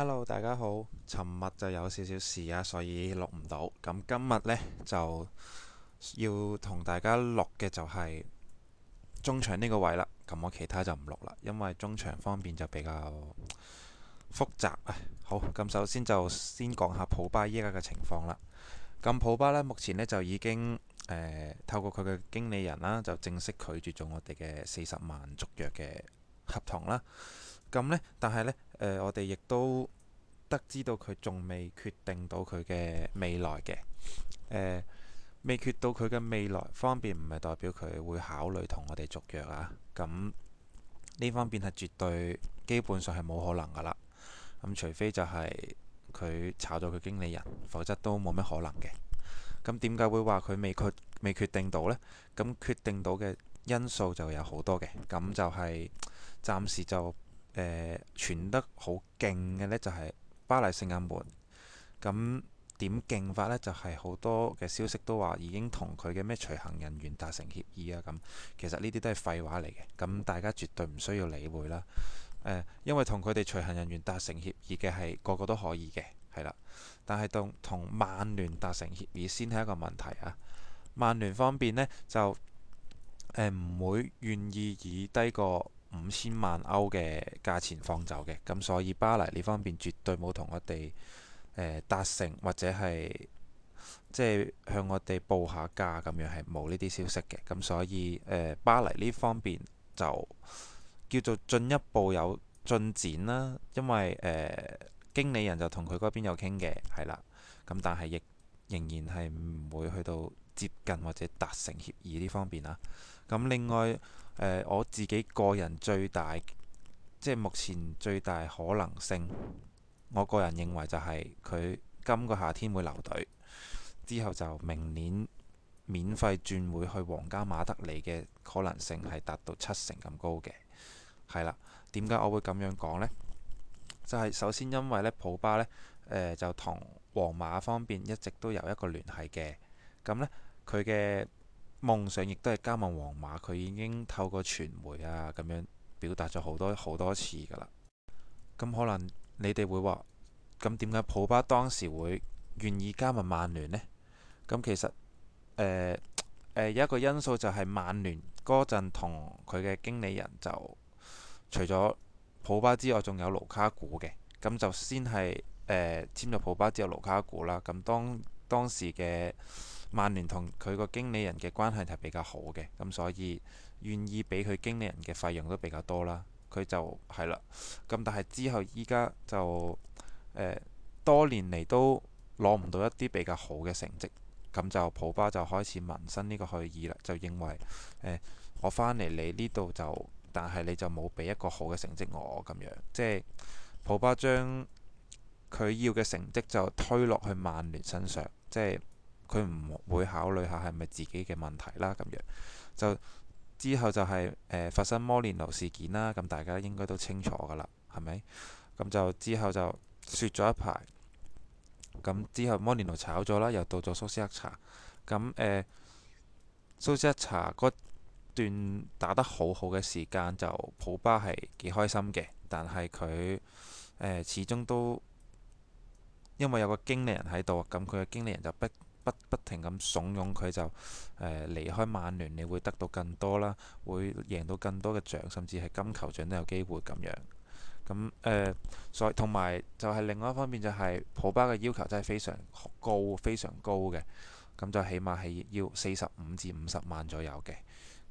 Hello，大家好。尋日就有少少事啊，所以錄唔到。咁今日呢，就要同大家錄嘅就係中場呢個位啦。咁我其他就唔錄啦，因為中場方面就比較複雜。好，咁首先就先講下普巴依家嘅情況啦。咁普巴呢，目前呢，就已經誒、呃、透過佢嘅經理人啦，就正式拒絕咗我哋嘅四十萬續約嘅合同啦。咁呢，但係呢，誒，我哋亦都得知到佢仲未決定到佢嘅未來嘅誒、呃，未決到佢嘅未來方便唔係代表佢會考慮同我哋續約啊。咁、啊、呢方面係絕對基本上係冇可能噶啦。咁、啊、除非就係佢炒咗佢經理人，否則都冇乜可能嘅。咁點解會話佢未決未決定到呢？咁、啊、決定到嘅因素就有好多嘅。咁、啊、就係、是、暫時就。誒、傳、呃、得好勁嘅呢，就係巴黎聖日門，咁點勁法呢？就係好多嘅消息都話已經同佢嘅咩隨行人員達成協議啊咁，其實呢啲都係廢話嚟嘅，咁大家絕對唔需要理會啦。呃、因為同佢哋隨行人員達成協議嘅係個個都可以嘅，係啦，但係同同曼聯達成協議先係一個問題啊。曼聯方面呢，就唔、呃、會願意以低過。五千萬歐嘅價錢放走嘅，咁所以巴黎呢方面絕對冇同我哋誒、呃、達成或者係即係向我哋報下價咁樣，係冇呢啲消息嘅。咁所以、呃、巴黎呢方面就叫做進一步有進展啦，因為誒、呃、經理人就同佢嗰邊有傾嘅，係啦。咁但係亦仍然係唔會去到接近或者達成協議呢方面啦。咁另外。呃、我自己個人最大，即係目前最大可能性，我個人認為就係佢今個夏天會留隊，之後就明年免費轉會去皇家馬德里嘅可能性係達到七成咁高嘅。係啦，點解我會咁樣講呢？就係、是、首先因為呢，普巴呢，呃、就同皇馬方面一直都有一個聯繫嘅，咁呢，佢嘅夢想亦都係加盟皇馬，佢已經透過傳媒啊咁樣表達咗好多好多次㗎啦。咁可能你哋會話，咁點解普巴當時會願意加盟曼聯呢？咁其實有、呃呃、一個因素就係曼聯嗰陣同佢嘅經理人就除咗普巴之外，仲有盧卡古嘅。咁就先係誒、呃、簽咗普巴之後，盧卡古啦。咁當當時嘅曼聯同佢個經理人嘅關係係比較好嘅，咁所以願意俾佢經理人嘅費用都比較多啦。佢就係啦，咁但係之後依家就誒、呃、多年嚟都攞唔到一啲比較好嘅成績，咁就普巴就開始萌生呢個去意啦，就認為誒、呃、我翻嚟你呢度就，但係你就冇俾一個好嘅成績我咁樣，即係普巴將佢要嘅成績就推落去曼聯身上，即係。佢唔會考慮下係咪自己嘅問題啦，咁樣就之後就係、是、誒、呃、發生摩連奴事件啦。咁大家應該都清楚㗎啦，係咪？咁就之後就雪咗一排。咁之後摩連奴炒咗啦，又到咗蘇斯克查咁誒、呃。蘇斯克查嗰段打得好好嘅時間，就普巴係幾開心嘅，但係佢誒始終都因為有個經理人喺度，咁佢嘅經理人就逼。不不停咁慫恿佢就誒離開曼聯，你會得到更多啦，會贏到更多嘅獎，甚至係金球獎都有機會咁樣。咁誒、呃，所以同埋就係另外一方面就係、是，普巴嘅要求真係非常高，非常高嘅。咁就起碼係要四十五至五十萬左右嘅。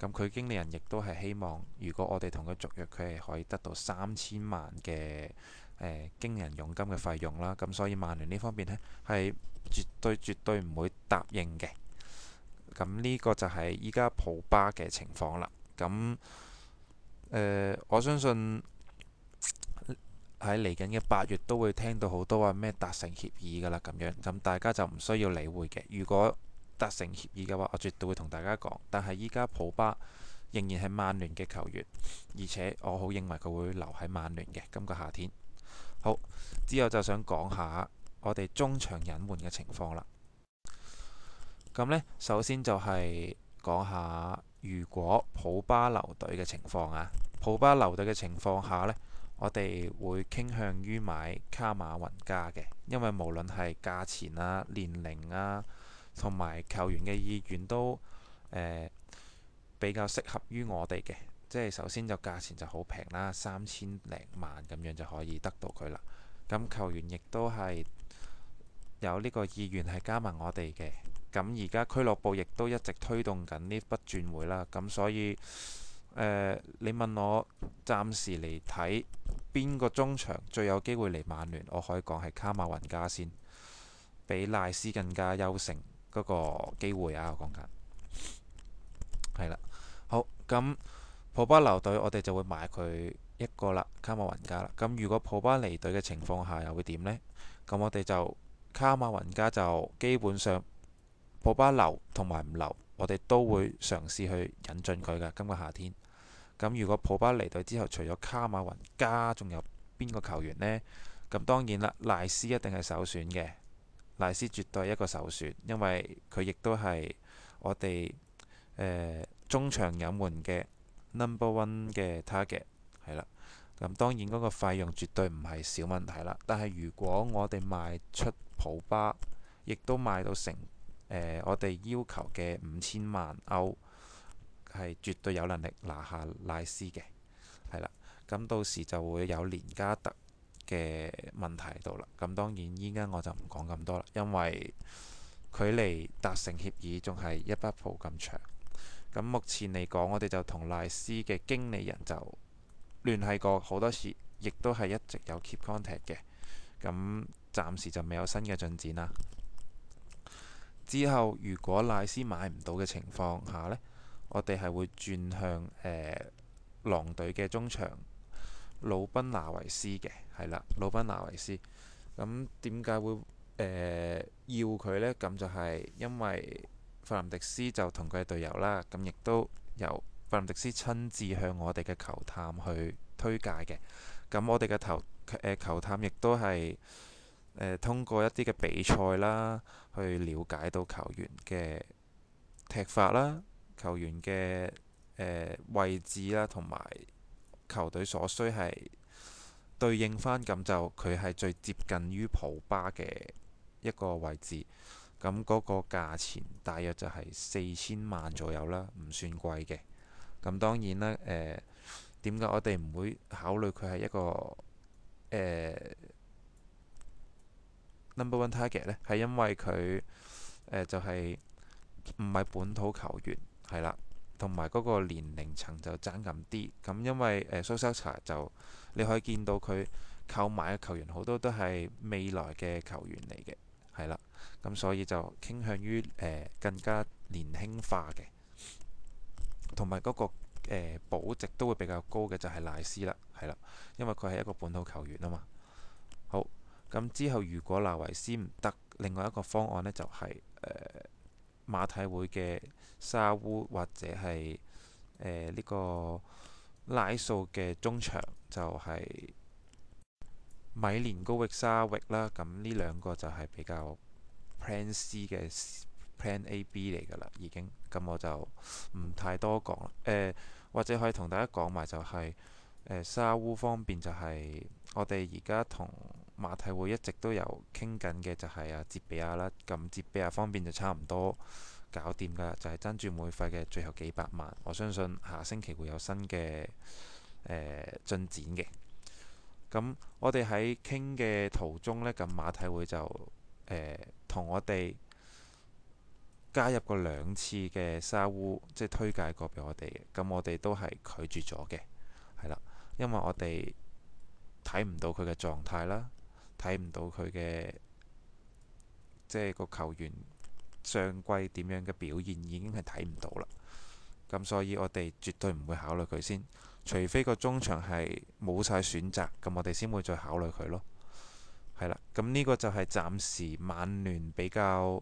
咁佢經理人亦都係希望，如果我哋同佢續約，佢係可以得到三千萬嘅。誒經人佣金嘅費用啦，咁所以曼聯呢方面呢係絕對絕對唔會答應嘅。咁呢個就係依家普巴嘅情況啦。咁，呃，我相信喺嚟緊嘅八月都會聽到好多話咩達成協議噶啦，咁樣咁大家就唔需要理會嘅。如果達成協議嘅話，我絕對會同大家講。但係依家普巴仍然係曼聯嘅球員，而且我好認為佢會留喺曼聯嘅今個夏天。好之後就想講下我哋中場隱瞞嘅情況啦。咁呢，首先就係講下如果普巴留隊嘅情況啊。普巴留隊嘅情況下呢，我哋會傾向於買卡馬雲加嘅，因為無論係價錢啊、年齡啊，同埋球員嘅意願都、呃、比較適合於我哋嘅。即係首先就價錢就好平啦，三千零萬咁樣就可以得到佢啦。咁球員亦都係有呢個意願係加盟我哋嘅。咁而家俱樂部亦都一直推動緊呢筆轉會啦。咁所以誒、呃，你問我暫時嚟睇邊個中場最有機會嚟曼聯？我可以講係卡馬雲加先，比賴斯更加優勝嗰個機會啊。我講緊係啦，好咁。普巴留隊，我哋就會買佢一個啦，卡馬雲加啦。咁如果普巴離隊嘅情況下，又會點呢？咁我哋就卡馬雲加就基本上普巴留同埋唔留，我哋都會嘗試去引進佢嘅今個夏天。咁如果普巴離隊之後，除咗卡馬雲加，仲有邊個球員呢？咁當然啦，賴斯一定係首選嘅，賴斯絕對係一個首選，因為佢亦都係我哋誒、呃、中場隱援嘅。Number one 嘅 target 係啦，咁當然嗰個費用絕對唔係小問題啦。但係如果我哋賣出普巴，亦都賣到成誒、呃、我哋要求嘅五千萬歐，係絕對有能力拿下賴斯嘅，係啦。咁到時就會有連加特嘅問題度啦。咁當然依家我就唔講咁多啦，因為距離達成協議仲係一筆鋪咁長。咁目前嚟講，我哋就同賴斯嘅經理人就聯繫過好多次，亦都係一直有 keep contact 嘅。咁暫時就未有新嘅進展啦。之後如果賴斯買唔到嘅情況下呢，我哋係會轉向誒、呃、狼隊嘅中場魯賓拿維斯嘅，係啦，魯賓拿維斯。咁點解會誒、呃、要佢呢？咁就係因為。弗林迪斯就同佢嘅隊友啦，咁亦都由弗林迪斯親自向我哋嘅球探去推介嘅。咁我哋嘅投、呃、球探亦都係通過一啲嘅比賽啦，去了解到球員嘅踢法啦，球員嘅、呃、位置啦，同埋球隊所需係對應翻。咁就佢係最接近於普巴嘅一個位置。咁嗰個價錢大約就係四千萬左右啦，唔算貴嘅。咁當然啦，誒點解我哋唔會考慮佢係一個 number one target 咧？係因為佢就係唔係本土球員係啦，同埋嗰個年齡層就爭咁啲。咁因為誒 Sosa 就你可以見到佢購買嘅球員好多都係未來嘅球員嚟嘅。係啦，咁所以就傾向於誒、呃、更加年輕化嘅，同埋嗰個、呃、保值都會比較高嘅就係賴斯啦，係啦，因為佢係一個本土球員啊嘛。好，咁之後如果納維斯唔得，另外一個方案呢就係、是、誒、呃、馬體會嘅沙烏或者係誒呢個拉素嘅中場就係、是。米連高域、沙域啦，咁呢兩個就係比較 Plan C 嘅 Plan A、B 嚟噶啦，已經，咁我就唔太多講啦、呃。或者可以同大家講埋就係、是呃，沙烏方面，就係我哋而家同馬體會一直都有傾緊嘅，就係阿捷比亞啦。咁捷比亞方面就差唔多搞掂噶啦，就係爭住每費嘅最後幾百萬，我相信下星期會有新嘅誒、呃、進展嘅。咁我哋喺傾嘅途中呢，咁馬體會就誒同、呃、我哋加入過兩次嘅沙烏，即係推介過俾我哋嘅。咁我哋都係拒絕咗嘅，係啦，因為我哋睇唔到佢嘅狀態啦，睇唔到佢嘅即係個球員上季點樣嘅表現，已經係睇唔到啦。咁所以，我哋絕對唔會考慮佢先。除非個中場係冇晒選擇，咁我哋先會再考慮佢咯。係啦，咁呢個就係暫時曼聯比較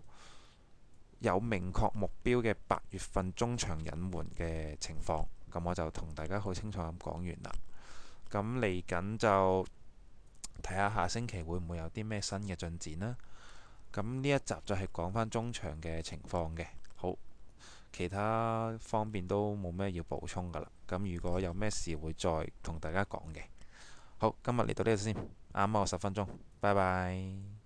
有明確目標嘅八月份中場隱瞞嘅情況。咁我就同大家好清楚咁講完啦。咁嚟緊就睇下下星期會唔會有啲咩新嘅進展啦。咁呢一集就係講翻中場嘅情況嘅。其他方面都冇咩要補充㗎啦，咁如果有咩事會再同大家講嘅。好，今日嚟到呢度先，啱我十分鐘，拜拜。